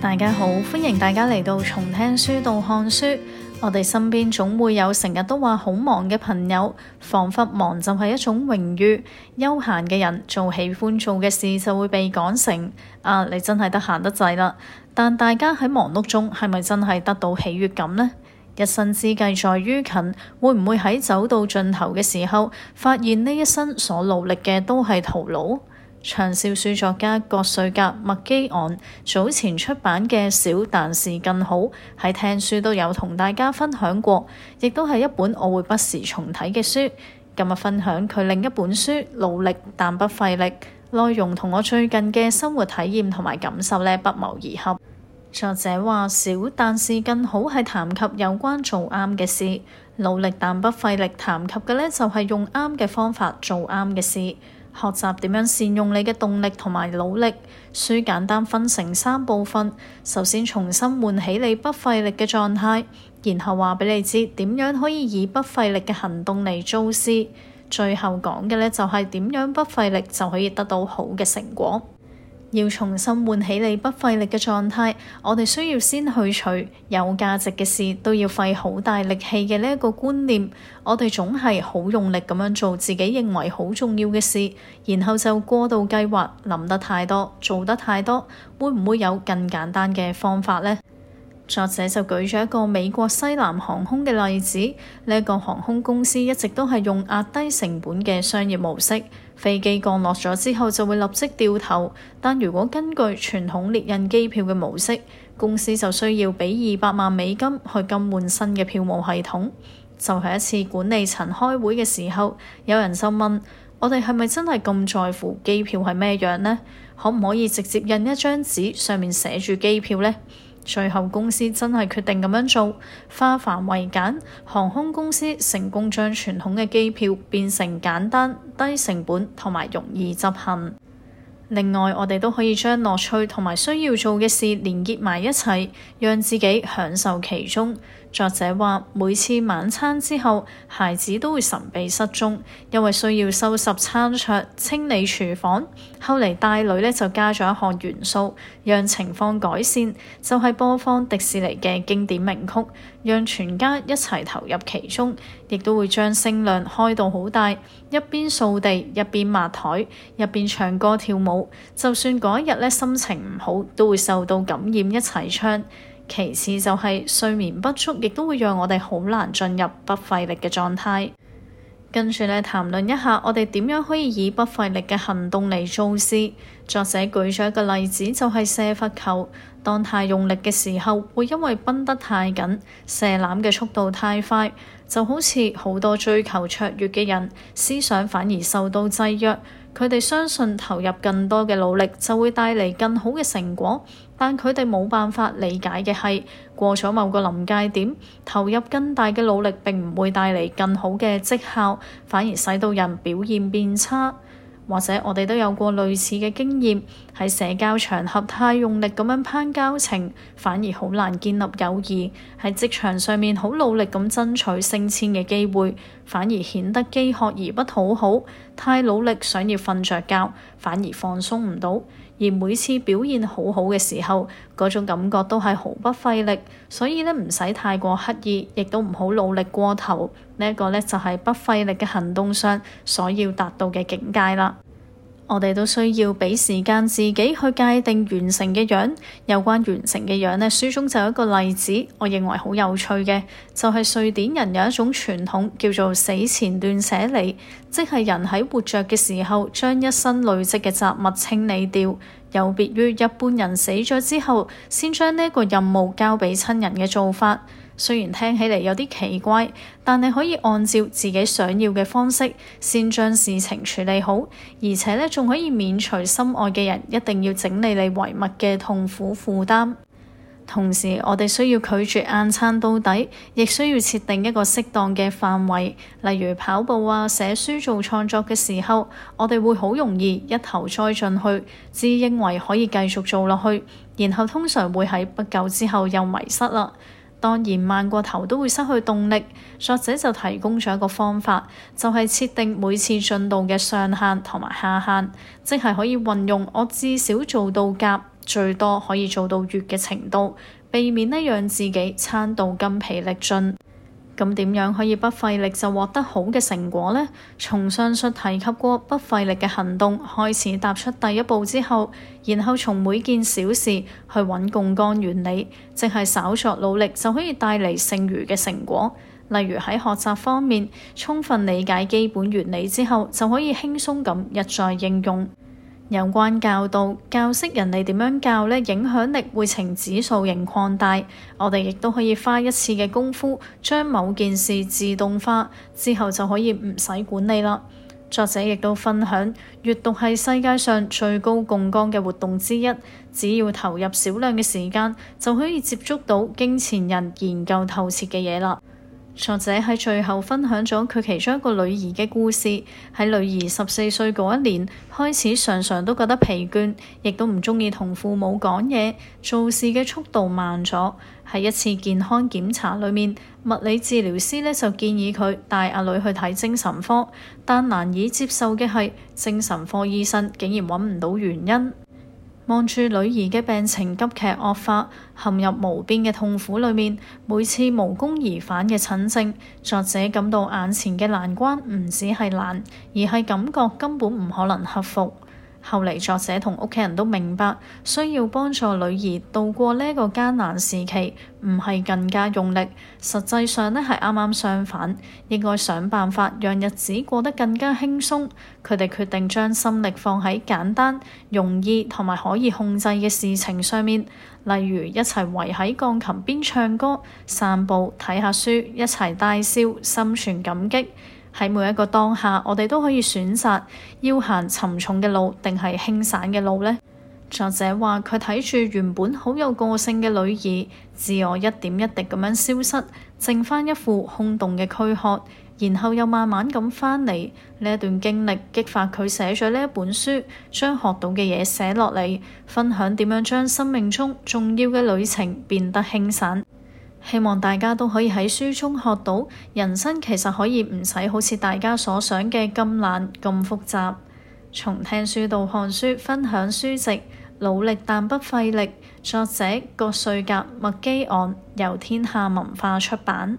大家好，歡迎大家嚟到從聽書到看書。我哋身邊總會有成日都話好忙嘅朋友，仿彿忙就係一種榮譽。休閒嘅人做喜歡做嘅事就會被講成啊，你真係得閒得滯啦。但大家喺忙碌中係咪真係得到喜悦感呢？一生之計在於勤，會唔會喺走到盡頭嘅時候，發現呢一生所努力嘅都係徒勞？暢銷書作家葛瑞格麥基昂早前出版嘅《小但是更好》喺聽書都有同大家分享過，亦都係一本我會不時重睇嘅書。今日分享佢另一本書《努力但不費力》，內容同我最近嘅生活體驗同埋感受呢，不謀而合。作者話《小但是更好》係談及有關做啱嘅事，《努力但不費力》談及嘅呢，就係用啱嘅方法做啱嘅事。學習點樣善用你嘅動力同埋努力，書簡單分成三部分。首先重新喚起你不費力嘅狀態，然後話俾你知點樣可以以不費力嘅行動嚟做事。最後講嘅呢，就係點樣不費力就可以得到好嘅成果。要重新喚起你不費力嘅狀態，我哋需要先去除有價值嘅事都要費好大力氣嘅呢一個觀念。我哋總係好用力咁樣做自己認為好重要嘅事，然後就過度計劃，諗得太多，做得太多，會唔會有更簡單嘅方法呢？作者就舉咗一個美國西南航空嘅例子，呢、這、一個航空公司一直都係用壓低成本嘅商業模式，飛機降落咗之後就會立即掉頭，但如果根據傳統列印機票嘅模式，公司就需要俾二百萬美金去更換新嘅票務系統，就係、是、一次管理層開會嘅時候，有人就問，我哋係咪真係咁在乎機票係咩樣咧？可唔可以直接印一張紙上面寫住機票咧？最後公司真係決定咁樣做，化繁為簡，航空公司成功將傳統嘅機票變成簡單、低成本同埋容易執行。另外，我哋都可以將樂趣同埋需要做嘅事連結埋一齊，讓自己享受其中。作者話每次晚餐之後孩子都會神秘失蹤，因為需要收拾餐桌、清理廚房。後嚟帶女咧就加咗一項元素，讓情況改善，就係播放迪士尼嘅經典名曲，讓全家一齊投入其中，亦都會將聲量開到好大，一邊掃地，一邊抹台，一邊唱歌跳舞。就算嗰一日咧心情唔好，都會受到感染一齊唱。其次就係睡眠不足，亦都會讓我哋好難進入不費力嘅狀態。跟住咧，談論一下我哋點樣可以以不費力嘅行動嚟做事。作者舉咗一個例子，就係射罰球。當太用力嘅時候，會因為繃得太緊，射籃嘅速度太快，就好似好多追求卓越嘅人，思想反而受到制約。佢哋相信投入更多嘅努力就會帶嚟更好嘅成果，但佢哋冇辦法理解嘅係過咗某個臨界點，投入更大嘅努力並唔會帶嚟更好嘅績效，反而使到人表現變差。或者我哋都有過類似嘅經驗，喺社交場合太用力咁樣攀交情，反而好難建立友誼；喺職場上面好努力咁爭取升遷嘅機會，反而顯得饑渴而不討好；太努力想要瞓着覺，反而放鬆唔到。而每次表現好好嘅時候，嗰種感覺都係毫不費力，所以呢，唔使太過刻意，亦都唔好努力過頭。呢一個呢，就係不費力嘅行動上所要達到嘅境界啦。我哋都需要俾時間自己去界定完成嘅樣。有關完成嘅樣呢，書中就有一個例子，我認為好有趣嘅就係瑞典人有一種傳統叫做死前斷捨離，即係人喺活着嘅時候將一身累積嘅雜物清理掉，有別於一般人死咗之後先將呢個任務交俾親人嘅做法。雖然聽起嚟有啲奇怪，但你可以按照自己想要嘅方式，先將事情處理好，而且呢，仲可以免除心愛嘅人一定要整理你遺物嘅痛苦負擔。同時，我哋需要拒絕硬撐到底，亦需要設定一個適當嘅範圍，例如跑步啊、寫書做創作嘅時候，我哋會好容易一頭栽進去，只認為可以繼續做落去，然後通常會喺不久之後又迷失啦。當然慢過頭都會失去動力，作者就提供咗一個方法，就係、是、設定每次進度嘅上限同埋下限，即係可以運用我至少做到甲，最多可以做到乙嘅程度，避免呢讓自己撐到筋疲力盡。咁點樣可以不費力就獲得好嘅成果呢？從上述提及過不費力嘅行動開始踏出第一步之後，然後從每件小事去揾槓桿原理，淨係稍作努力就可以帶嚟剩餘嘅成果。例如喺學習方面，充分理解基本原理之後，就可以輕鬆咁一再應用。有關教導，教識人哋點樣教呢，影響力會呈指數型擴大。我哋亦都可以花一次嘅功夫，將某件事自動化之後就可以唔使管理啦。作者亦都分享，閱讀係世界上最高槓桿嘅活動之一，只要投入少量嘅時間就可以接觸到經前人研究透徹嘅嘢啦。作者喺最後分享咗佢其中一個女兒嘅故事。喺女兒十四歲嗰一年，開始常常都覺得疲倦，亦都唔鍾意同父母講嘢，做事嘅速度慢咗。喺一次健康檢查裏面，物理治療師呢就建議佢帶阿女去睇精神科，但難以接受嘅係精神科醫生竟然揾唔到原因。望住女兒嘅病情急劇惡化，陷入無邊嘅痛苦裏面。每次無功而返嘅診症，作者感到眼前嘅難關唔止係難，而係感覺根本唔可能克服。後來，作者同屋企人都明白，需要幫助女兒度過呢個艱難時期，唔係更加用力，實際上呢係啱啱相反，應該想辦法讓日子過得更加輕鬆。佢哋決定將心力放喺簡單、容易同埋可以控制嘅事情上面，例如一齊圍喺鋼琴邊唱歌、散步、睇下書，一齊大笑，心存感激。喺每一個當下，我哋都可以選擇要行沉重嘅路，定係輕散嘅路呢？作者話：佢睇住原本好有個性嘅女兒，自我一點一滴咁樣消失，剩返一副空洞嘅軀殼，然後又慢慢咁返嚟。呢一段經歷激發佢寫咗呢一本書，將學到嘅嘢寫落嚟，分享點樣將生命中重要嘅旅程變得輕散。希望大家都可以喺書中學到人生其實可以唔使好似大家所想嘅咁難咁複雜。從聽書到看書，分享書籍，努力但不費力。作者：葛瑞格、麥基昂，由天下文化出版。